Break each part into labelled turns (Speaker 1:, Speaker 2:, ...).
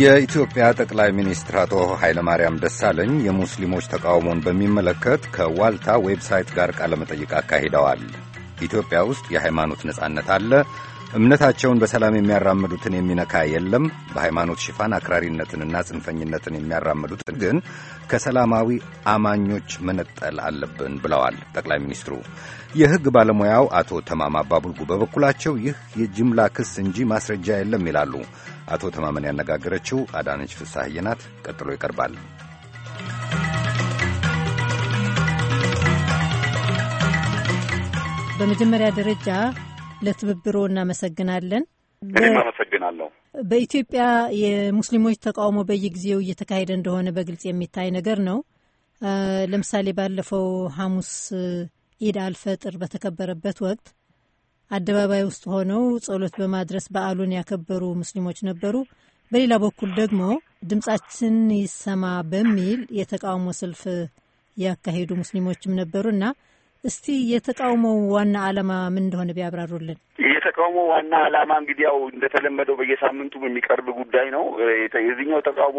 Speaker 1: የኢትዮጵያ ጠቅላይ ሚኒስትር አቶ ኃይለማርያም ደሳለኝ የሙስሊሞች ተቃውሞን በሚመለከት ከዋልታ ዌብሳይት ጋር ቃለመጠይቅ አካሂደዋል። ኢትዮጵያ ውስጥ የሃይማኖት ነጻነት አለ እምነታቸውን በሰላም የሚያራምዱትን የሚነካ የለም። በሃይማኖት ሽፋን አክራሪነትንና ጽንፈኝነትን የሚያራምዱትን ግን ከሰላማዊ አማኞች መነጠል አለብን ብለዋል ጠቅላይ ሚኒስትሩ። የሕግ ባለሙያው አቶ ተማም አባቡልጉ በበኩላቸው ይህ የጅምላ ክስ እንጂ ማስረጃ የለም ይላሉ። አቶ ተማምን ያነጋገረችው አዳነች ፍሳሐዬ ናት። ቀጥሎ ይቀርባል።
Speaker 2: በመጀመሪያ ደረጃ ለትብብሮ እናመሰግናለን። እኔም
Speaker 1: አመሰግናለሁ።
Speaker 2: በኢትዮጵያ የሙስሊሞች ተቃውሞ በየጊዜው እየተካሄደ እንደሆነ በግልጽ የሚታይ ነገር ነው። ለምሳሌ ባለፈው ሐሙስ ኢድ አልፈጥር በተከበረበት ወቅት አደባባይ ውስጥ ሆነው ጸሎት በማድረስ በዓሉን ያከበሩ ሙስሊሞች ነበሩ። በሌላ በኩል ደግሞ ድምጻችን ይሰማ በሚል የተቃውሞ ሰልፍ ያካሄዱ ሙስሊሞችም ነበሩ እና እስቲ የተቃውሞው ዋና ዓላማ ምን እንደሆነ ቢያብራሩልን።
Speaker 1: የተቃውሞ ዋና ዓላማ እንግዲህ ያው እንደተለመደው በየሳምንቱ የሚቀርብ ጉዳይ ነው። የዚኛው ተቃውሞ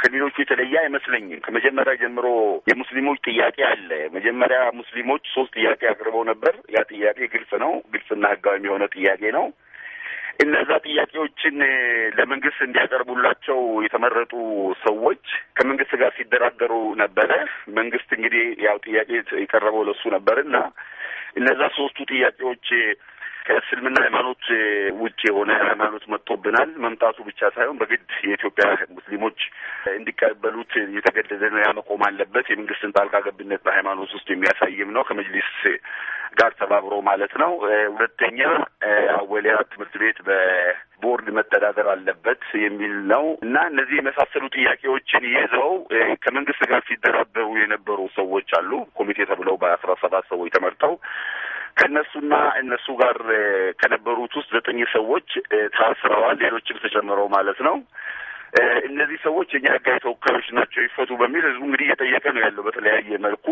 Speaker 1: ከሌሎቹ የተለየ አይመስለኝም። ከመጀመሪያ ጀምሮ የሙስሊሞች ጥያቄ አለ። መጀመሪያ ሙስሊሞች ሶስት ጥያቄ አቅርበው ነበር። ያ ጥያቄ ግልጽ ነው። ግልጽና ህጋዊ የሆነ ጥያቄ ነው። እነዛ ጥያቄዎችን ለመንግስት እንዲያቀርቡላቸው የተመረጡ ሰዎች ከመንግስት ጋር ሲደራደሩ ነበረ። መንግስት እንግዲህ ያው ጥያቄ የቀረበው ለሱ ነበር እና እነዛ ሶስቱ ጥያቄዎች ከእስልምና ሃይማኖት ውጭ የሆነ ሃይማኖት መጥቶብናል። መምጣቱ ብቻ ሳይሆን በግድ የኢትዮጵያ ሙስሊሞች እንዲቀበሉት የተገደደ ነው። ያ መቆም አለበት። የመንግስትን ጣልቃ ገብነት በሃይማኖት ውስጥ የሚያሳይም ነው ከመጅሊስ ጋር ተባብሮ ማለት ነው። ሁለተኛ አወሊያ ትምህርት ቤት በቦርድ መተዳደር አለበት የሚል ነው እና እነዚህ የመሳሰሉ ጥያቄዎችን ይዘው ከመንግስት ጋር ሲደራደሩ የነበሩ ሰዎች አሉ። ኮሚቴ ተብለው በአስራ ሰባት ሰዎች ተመርተው ከእነሱና እነሱ ጋር ከነበሩት ውስጥ ዘጠኝ ሰዎች ታስረዋል። ሌሎችም ተጨምረው ማለት ነው። እነዚህ ሰዎች የኛ ህጋዊ ተወካዮች ናቸው ይፈቱ በሚል ህዝቡ እንግዲህ እየጠየቀ ነው ያለው በተለያየ መልኩ።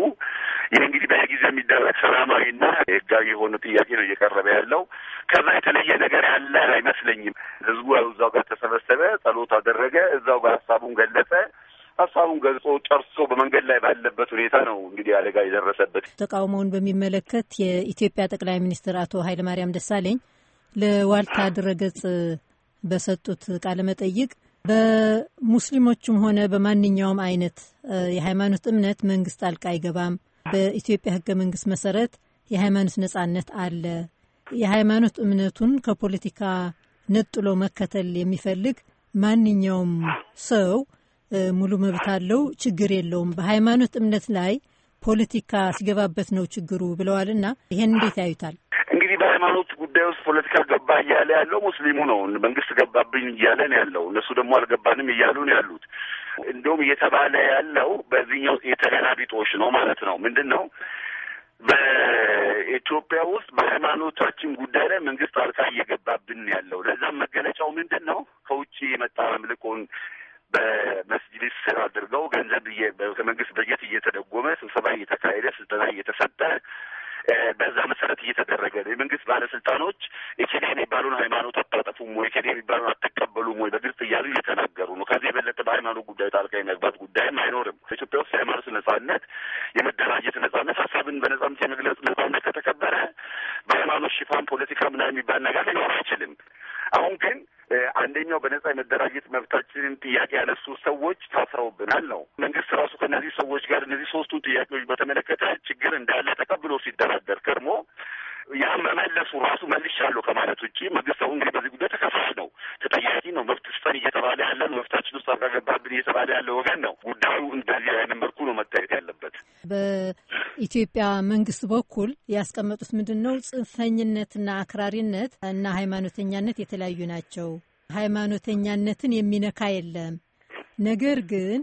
Speaker 1: ይህ እንግዲህ በየጊዜው የሚደረግ ሰላማዊና ህጋዊ የሆነ ጥያቄ ነው እየቀረበ ያለው። ከዛ የተለየ ነገር ያለ አይመስለኝም። ህዝቡ እዛው ጋር ተሰበሰበ፣ ጸሎት አደረገ፣ እዛው ጋር ሀሳቡን ገለጸ። ሀሳቡን ገልጾ ጨርሶ በመንገድ ላይ ባለበት ሁኔታ ነው እንግዲህ አደጋ የደረሰበት። ተቃውሞውን
Speaker 2: በሚመለከት የኢትዮጵያ ጠቅላይ ሚኒስትር አቶ ኃይለማርያም ደሳለኝ ለዋልታ ድረገጽ በሰጡት ቃለ መጠይቅ በሙስሊሞችም ሆነ በማንኛውም አይነት የሃይማኖት እምነት መንግስት ጣልቃ አይገባም፣ በኢትዮጵያ ህገ መንግስት መሰረት የሃይማኖት ነጻነት አለ፣ የሃይማኖት እምነቱን ከፖለቲካ ነጥሎ መከተል የሚፈልግ ማንኛውም ሰው ሙሉ መብት አለው፣ ችግር የለውም። በሃይማኖት እምነት ላይ ፖለቲካ ሲገባበት ነው ችግሩ ብለዋል። እና ይሄን እንዴት ያዩታል? እንግዲህ በሃይማኖት
Speaker 1: ጉዳይ ውስጥ ፖለቲካ ገባ እያለ ያለው ሙስሊሙ ነው። መንግስት ገባብኝ እያለ ነው ያለው። እነሱ ደግሞ አልገባንም እያሉ ነው ያሉት። እንዲሁም እየተባለ ያለው በዚህኛው የተገላቢጦሽ ነው ማለት ነው። ምንድን ነው በኢትዮጵያ ውስጥ በሃይማኖታችን ጉዳይ ላይ መንግስት አልካ እየገባብን ያለው። ለዛም መገለጫው ምንድን ነው? ከውጭ የመጣ አምልኮን በመስጅድ ስር አድርገው ገንዘብ በቤተ በጀት እየተደጎመ ስብሰባ እየተካሄደ ስልጠና እየተሰጠ በዛ መሰረት እየተደረገ ነው። የመንግስት ባለስልጣኖች የኬንያ የሚባሉን ሃይማኖት አታጠፉም ወይ ኬንያ የሚባሉን አትቀበሉም ወይ በግልጽ እያሉ እየተናገሩ ነው። ከዚህ የበለጠ በሃይማኖት ጉዳይ ጣልቃ የመግባት ጉዳይም አይኖርም። ኢትዮጵያ ውስጥ የሃይማኖት ነጻነት፣ የመደራጀት ነጻነት፣ ሀሳብን በነጻነት የመግለጽ ነጻነት ከተከበረ በሃይማኖት ሽፋን ፖለቲካ ምናምን የሚባል ነገር ሊኖር አይችልም። አሁን ግን አንደኛው በነጻ የመደራጀት ይህንን ጥያቄ ያነሱ ሰዎች ታስረውብናል ነው። መንግስት ራሱ ከእነዚህ ሰዎች ጋር እነዚህ ሶስቱን ጥያቄዎች በተመለከተ ችግር እንዳለ ተቀብሎ ሲደራደር ከርሞ ያ መመለሱ ራሱ መልሻለሁ ከማለት ውጭ መንግስት አሁን እንግዲህ በዚህ ጉዳይ ተከሳሽ ነው፣ ተጠያቂ ነው፣ መብት ስጠን እየተባለ ያለ ነው፣ መብታችን ውስጥ አልገባብን እየተባለ ያለ ወገን ነው። ጉዳዩ እንደዚህ አይነት መልኩ
Speaker 2: ነው መታየት ያለበት። በኢትዮጵያ መንግስት በኩል ያስቀመጡት ምንድን ነው ጽንፈኝነትና አክራሪነት እና ሃይማኖተኛነት የተለያዩ ናቸው ሃይማኖተኛነትን የሚነካ የለም። ነገር ግን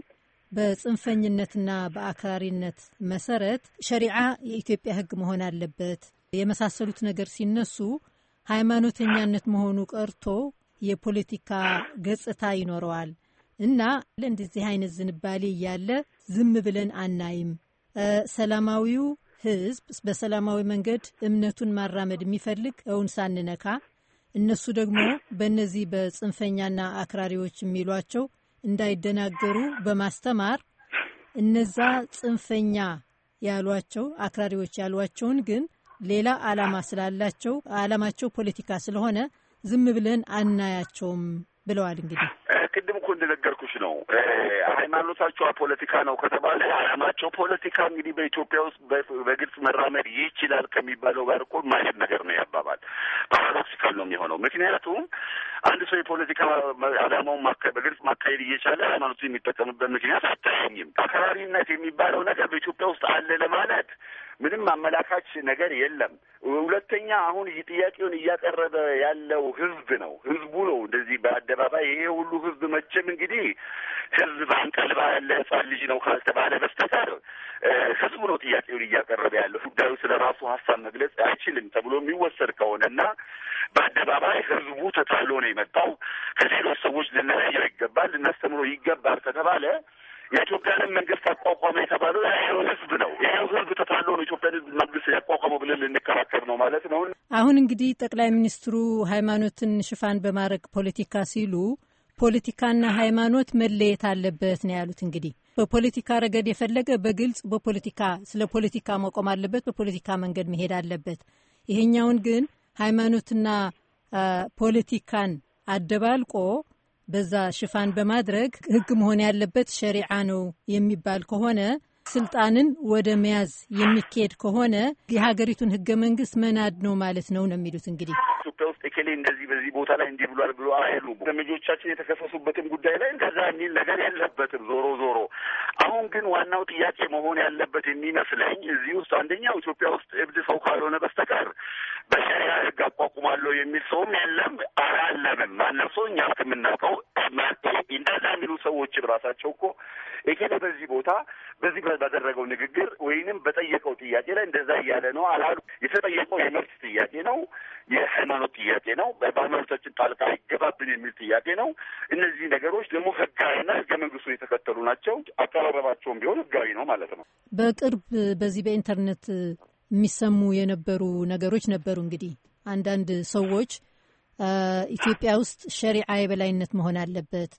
Speaker 2: በጽንፈኝነትና በአክራሪነት መሰረት ሸሪዓ የኢትዮጵያ ሕግ መሆን አለበት የመሳሰሉት ነገር ሲነሱ ሃይማኖተኛነት መሆኑ ቀርቶ የፖለቲካ ገጽታ ይኖረዋል እና ለእንደዚህ አይነት ዝንባሌ እያለ ዝም ብለን አናይም። ሰላማዊው ህዝብ በሰላማዊ መንገድ እምነቱን ማራመድ የሚፈልግ እውን ሳንነካ እነሱ ደግሞ በእነዚህ በጽንፈኛና አክራሪዎች የሚሏቸው እንዳይደናገሩ በማስተማር እነዛ ጽንፈኛ ያሏቸው አክራሪዎች ያሏቸውን ግን ሌላ ዓላማ ስላላቸው ዓላማቸው ፖለቲካ ስለሆነ ዝም ብለን አናያቸውም ብለዋል። እንግዲህ
Speaker 1: እንደነገርኩሽ ነው። ሃይማኖታቸው ፖለቲካ ነው ከተባለ አላማቸው ፖለቲካ እንግዲህ በኢትዮጵያ ውስጥ በግልጽ መራመድ ይችላል ከሚባለው ጋር እኮ ማይሄድ ነገር ነው ያባባል። ፓራዶክሲካል ነው የሚሆነው ምክንያቱም አንድ ሰው የፖለቲካ አላማውን በግልጽ ማካሄድ እየቻለ ሃይማኖቱ የሚጠቀምበት ምክንያት አታየኝም። አክራሪነት የሚባለው ነገር በኢትዮጵያ ውስጥ አለ ለማለት ምንም አመላካች ነገር የለም። ሁለተኛ አሁን ጥያቄውን እያቀረበ ያለው ህዝብ ነው፣ ህዝቡ ነው እንደዚህ በአደባባይ ይሄ ሁሉ ህዝብ መቼም እንግዲህ ህዝብ በአንቀልባ ያለ ህጻን ልጅ ነው ካልተባለ በስተቀር ህዝቡ ነው ጥያቄውን እያቀረበ ያለው። ጉዳዩ ስለ ራሱ ሀሳብ መግለጽ አይችልም ተብሎ የሚወሰድ ከሆነ እና በአደባባይ ህዝቡ ተታሎ ነው የመጣው ከሌሎች ሰዎች ልንለየው ይገባል፣ ልናስተምረው ይገባል ከተባለ የኢትዮጵያንን መንግስት አቋቋመ የተባለው ያው ህዝብ ነው። ያው ህዝብ ተታሎ ነው ኢትዮጵያን ህዝብ መንግስት ያቋቋመው ብለን ልንከራከር ነው ማለት ነው።
Speaker 2: አሁን እንግዲህ ጠቅላይ ሚኒስትሩ ሃይማኖትን ሽፋን በማድረግ ፖለቲካ ሲሉ ፖለቲካና ሃይማኖት መለየት አለበት ነው ያሉት። እንግዲህ በፖለቲካ ረገድ የፈለገ በግልጽ በፖለቲካ ስለ ፖለቲካ መቆም አለበት፣ በፖለቲካ መንገድ መሄድ አለበት። ይሄኛውን ግን ሃይማኖትና ፖለቲካን አደባልቆ በዛ ሽፋን በማድረግ ህግ መሆን ያለበት ሸሪዓ ነው የሚባል ከሆነ ስልጣንን ወደ መያዝ የሚካሄድ ከሆነ የሀገሪቱን ህገ መንግስት መናድ ነው ማለት ነው ነው የሚሉት እንግዲህ
Speaker 1: ኢትዮጵያ ውስጥ እከሌ እንደዚህ በዚህ ቦታ ላይ እንዲህ ብሏል ብሎ አይሉ ዘመዶቻችን የተከሰሱበትም ጉዳይ ላይ እንደዛ የሚል ነገር የለበትም። ዞሮ ዞሮ አሁን ግን ዋናው ጥያቄ መሆን ያለበት የሚመስለኝ እዚህ ውስጥ አንደኛው ኢትዮጵያ ውስጥ እብድ ሰው ካልሆነ በስተቀር በሸሪያ ህግ አቋቁማለሁ የሚል ሰውም የለም ማንም ሰው እኛ እስከምናውቀው እንደዛ የሚሉ ሰዎችም ራሳቸው እኮ ይሄ በዚህ ቦታ በዚህ ባደረገው ንግግር ወይንም በጠየቀው ጥያቄ ላይ እንደዛ እያለ ነው አላሉ። የተጠየቀው የመብት ጥያቄ ነው፣ የሃይማኖት ጥያቄ ነው፣ በሃይማኖታችን ጣልቃ ይገባብን የሚል ጥያቄ ነው። እነዚህ ነገሮች ደግሞ ህጋዊና ህገ የተከተሉ ናቸው። አቀራረባቸውም ቢሆን ህጋዊ ነው ማለት ነው።
Speaker 2: በቅርብ በዚህ በኢንተርኔት የሚሰሙ የነበሩ ነገሮች ነበሩ። እንግዲህ አንዳንድ ሰዎች ኢትዮጵያ ውስጥ ሸሪዓ የበላይነት መሆን አለበት፣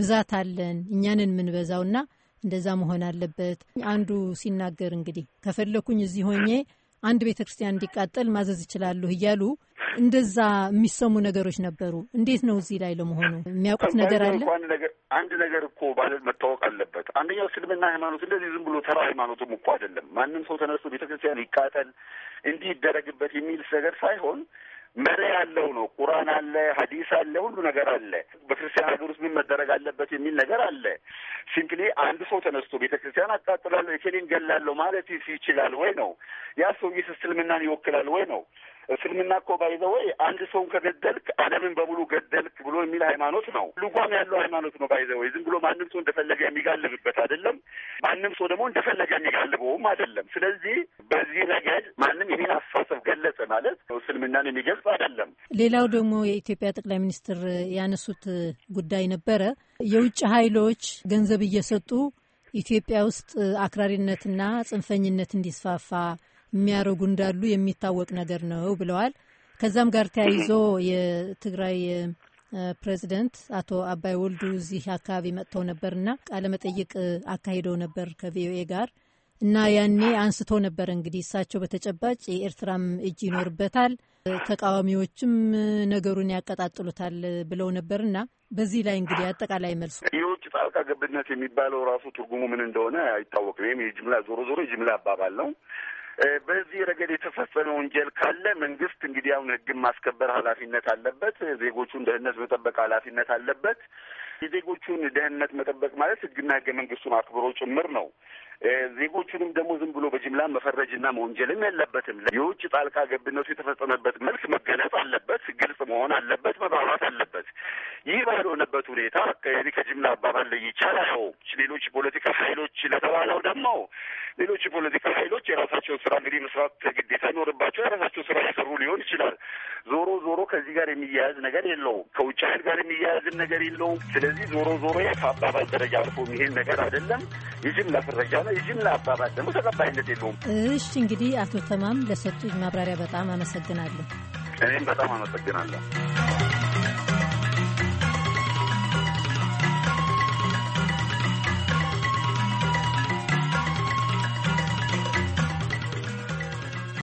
Speaker 2: ብዛት አለን፣ እኛንን የምንበዛውና እንደዛ መሆን አለበት። አንዱ ሲናገር እንግዲህ ከፈለኩኝ እዚህ ሆኜ አንድ ቤተ ክርስቲያን እንዲቃጠል ማዘዝ እችላለሁ እያሉ እንደዛ የሚሰሙ ነገሮች ነበሩ። እንዴት ነው እዚህ ላይ ለመሆኑ የሚያውቁት ነገር አለ?
Speaker 1: አንድ ነገር እኮ ማለት መታወቅ አለበት። አንደኛው እስልምና ሃይማኖት እንደዚህ ዝም ብሎ ተራ ሃይማኖትም እኮ አይደለም። ማንም ሰው ተነስቶ ቤተክርስቲያን ይቃጠል እንዲህ ይደረግበት የሚል ነገር ሳይሆን መሪ ያለው ነው። ቁርአን አለ፣ ሀዲስ አለ፣ ሁሉ ነገር አለ። በክርስቲያን ሀገር ውስጥ ምን መደረግ አለበት የሚል ነገር አለ። ሲምፕሊ አንድ ሰው ተነስቶ ቤተ ክርስቲያን አቃጥላለሁ፣ የኬሌን ገላለሁ ማለት ይችላል ወይ ነው? ያ ሰውዬስ እስልምናን ይወክላል ወይ ነው? እስልምና እኮ ባይዘወይ አንድ ሰውን ከገደልክ ዓለምን በሙሉ ገደልክ ብሎ የሚል ሃይማኖት ነው። ልጓም ያለው ሃይማኖት ነው። ባይዘወይ ዝም ብሎ ማንም ሰው እንደፈለገ የሚጋልብበት አይደለም። ማንም ሰው ደግሞ እንደፈለገ የሚጋልበውም አይደለም። ስለዚህ በዚህ ረገድ ማንም ይህን አስተሳሰብ ገለጸ ማለት እስልምናን የሚገልጽ አይደለም።
Speaker 2: ሌላው ደግሞ የኢትዮጵያ ጠቅላይ ሚኒስትር ያነሱት ጉዳይ ነበረ። የውጭ ኃይሎች ገንዘብ እየሰጡ ኢትዮጵያ ውስጥ አክራሪነትና ጽንፈኝነት እንዲስፋፋ የሚያደርጉ እንዳሉ የሚታወቅ ነገር ነው ብለዋል። ከዛም ጋር ተያይዞ የትግራይ ፕሬዚደንት አቶ አባይ ወልዱ እዚህ አካባቢ መጥተው ነበርና ቃለመጠይቅ አካሂደው ነበር ከቪኦኤ ጋር እና ያኔ አንስቶ ነበር እንግዲህ እሳቸው በተጨባጭ የኤርትራም እጅ ይኖርበታል፣ ተቃዋሚዎችም ነገሩን ያቀጣጥሉታል ብለው ነበርና በዚህ ላይ እንግዲህ አጠቃላይ መልሱ
Speaker 1: የውጭ ጣልቃ ገብነት የሚባለው ራሱ ትርጉሙ ምን እንደሆነ አይታወቅም። ወይም የጅምላ ዞሮ ዞሮ የጅምላ አባባል ነው። በዚህ ረገድ የተፈጸመ ወንጀል ካለ መንግስት እንግዲህ አሁን ህግን ማስከበር ኃላፊነት አለበት። ዜጎቹን ደህንነት መጠበቅ ኃላፊነት አለበት። የዜጎቹን ደህንነት መጠበቅ ማለት ህግና ህገ መንግስቱን አክብሮ ጭምር ነው። ዜጎቹንም ደግሞ ዝም ብሎ በጅምላ መፈረጅና መወንጀልም የለበትም። የውጭ ጣልቃ ገብነቱ የተፈጸመበት መልክ መገለጽ አለበት፣ ግልጽ መሆን አለበት፣ መባባት አለበት። ይህ ባልሆነበት ሁኔታ ከጅምላ አባባል ለይቻል አያውም። ሌሎች ፖለቲካ ኃይሎች ለተባለው ደግሞ ሌሎች ፖለቲካ ኃይሎች የራሳቸውን ስራ እንግዲህ መስራት ግዴታ ይኖርባቸው የራሳቸው ስራ የሰሩ ሊሆን ይችላል። ዞሮ ዞሮ ከዚህ ጋር የሚያያዝ ነገር የለውም። ከውጭ ኃይል ጋር የሚያያዝን ነገር የለውም። ስለዚህ ዞሮ ዞሮ ከአባባል ደረጃ አልፎ ይሄን ነገር አይደለም። የጅምላ ፍረጃ ነው። እጅምላ አባባል ደግሞ ተቀባይነት የለውም።
Speaker 2: እሺ እንግዲህ አቶ ተማም ለሰጡኝ ማብራሪያ በጣም አመሰግናለሁ።
Speaker 1: እኔም በጣም አመሰግናለሁ።